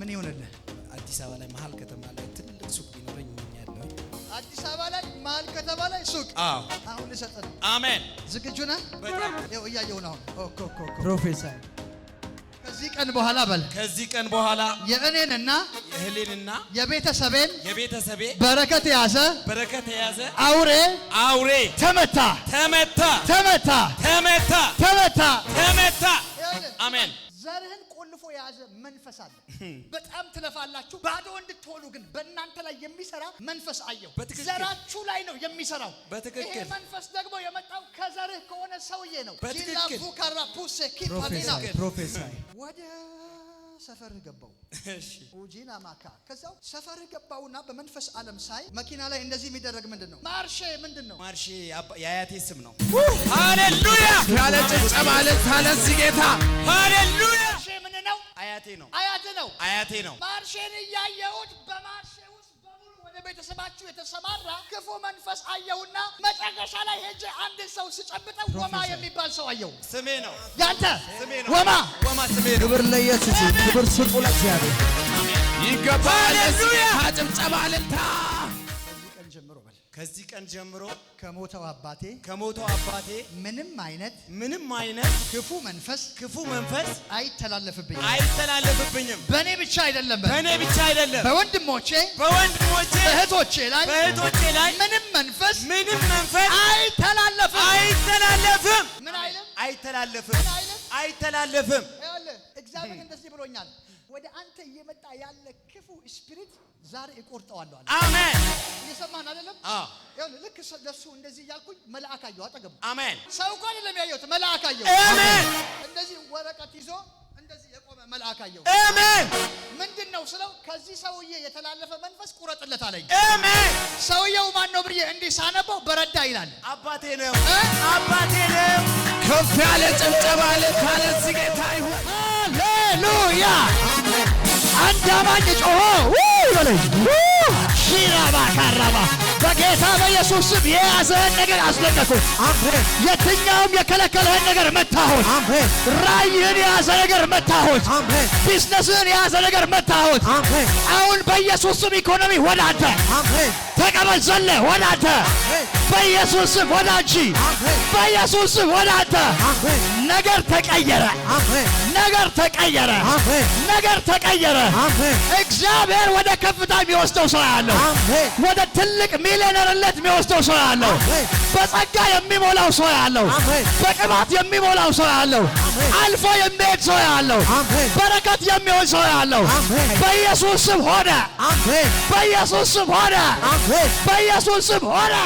ምን ይሆንልህ? አዲስ አበባ ላይ መሀል ከተማ ላይ ትልቅ ሱቅ ቢኖረኝ እመኛለሁ። አዲስ አበባ ላይ መሀል ከተማ ላይ ሱቅ? አዎ። አሁን ልሰጠን። አሜን። ዝግጁ ነህ? በጣም ይኸው እያየሁ ነው። ኦኮ ኦኮ ኦኮ። ፕሮፌሰር ከዚህ ቀን በኋላ በል ከዚህ ቀን በኋላ የእኔንና የእህሌንና የቤተሰቤን የቤተሰቤ በረከት የያዘ በረከት የያዘ አውሬ አውሬ ተመታ ተመታ ተመታ ተመታ ተመታ ተመታ። አሜን ዘርህን ቆልፎ የያዘ መንፈስ አለ። በጣም ትለፋላችሁ፣ ባዶ እንድትሆኑ ግን በእናንተ ላይ የሚሰራ መንፈስ አየሁ። ዘራችሁ ላይ ነው የሚሰራው። ይሄ መንፈስ ደግሞ የመጣው ከዘርህ ከሆነ ሰውዬ ነው። ላ ቡካራ ፑሴ ኪፓዲና ወደ ሰፈርህ ገባው። እሺ ኡጂና ማካ ከዛው ሰፈርህ ገባውና በመንፈስ ዓለም ሳይ መኪና ላይ እንደዚህ የሚደረግ ምንድን ነው? ማርሼ ምንድን ነው? ማርሼ የአያቴ ስም ነው። ሃሌሉያ! ያለ ጭብጨባ ለዚህ ጌታ ሃሌሉያ! ምን ነው? አያቴ ነው። አያቴ ነው። አያቴ ነው። ማርሼን እያየሁት በማርሼ ቤተሰባችሁ የተሰማራ ክፉ መንፈስ አየውና መጨረሻ ላይ ሄጄ አንድ ሰው ስጨብጠው ወማ የሚባል ሰው አየሁ። ስሜ ነው ያንተ ስሜ ነው ወማ ወማ ስሜ ነው። ክብር ለኢየሱስ፣ ክብር ስጡ ለእግዚአብሔር ይገባል። ሃሌሉያ! ጭብጨባ እልልታ ከዚህ ቀን ጀምሮ ከሞተው አባቴ ከሞተው አባቴ ምንም አይነት ምንም አይነት ክፉ መንፈስ ክፉ መንፈስ አይተላለፍብኝም አይተላለፍብኝም። በእኔ ብቻ አይደለም በእኔ ብቻ አይደለም፣ በወንድሞቼ በወንድሞቼ በእህቶቼ ላይ በእህቶቼ ላይ ምንም መንፈስ ምንም መንፈስ አይተላለፍም አይተላለፍም ምን አይልም አይተላለፍም አይተላለፍም። እግዚአብሔር እንደዚህ ብሎኛል። ወደ አንተ እየመጣ ያለ ክፉ ስፒሪት ዛሬ እቆርጠዋለሁ። አሜን። እየሰማን አይደለም? አዎ። ልክ ለሱ እንደዚህ እያልኩኝ መልአክ አየሁ አጠገቡ። አሜን። ሰው እኮ አይደለም ያየሁት፣ መልአክ አየሁ። አሜን። እንደዚህ ወረቀት ይዞ እንደዚህ የቆመ መልአክ አየሁ። አሜን። ምንድን ነው ስለው ከዚህ ሰውዬ የተላለፈ መንፈስ ቁረጥለት አለኝ። አሜን። ሰውየው ማን ነው ብዬ እንዲህ ሳነበው በረዳ ይላል። አባቴ ነው፣ አባቴ ነው። ከፍ ያለ ጭብጨባ ለታለ ጌታ ይሁን። ሃሌሉያ አንድ አማኝ ጮሆ ሺራባ ካራባ በጌታ በኢየሱስ ስም የያዘህን ነገር አስለቀኩህ። የትኛውም የከለከለህን ነገር መታሁት። ራይህን የያዘ ነገር መታሁት። ቢዝነስህን የያዘ ነገር መታሁት። አሁን በኢየሱስ ስም ኢኮኖሚ ወደ አንተ ተቀበል። ዘለ ወደ አንተ በኢየሱስ ስም ወደ አንቺ በኢየሱስ ስም ወደ አንተ ነገር ተቀየረ። ነገር ተቀየረ፣ ነገር ተቀየረ። እግዚአብሔር ወደ ከፍታ የሚወስደው ሰው ያለው፣ ወደ ትልቅ ሚሊዮነርነት የሚወስደው ሰው ያለው፣ በጸጋ የሚሞላው ሰው ያለው፣ በቅባት የሚሞላው ሰው ያለው፣ አልፎ የሚሄድ ሰው ያለው፣ በረከት የሚሆን ሰው ያለው። በኢየሱስ ስም ሆነ፣ በኢየሱስ ስም ሆነ፣ በኢየሱስ ስም ሆነ።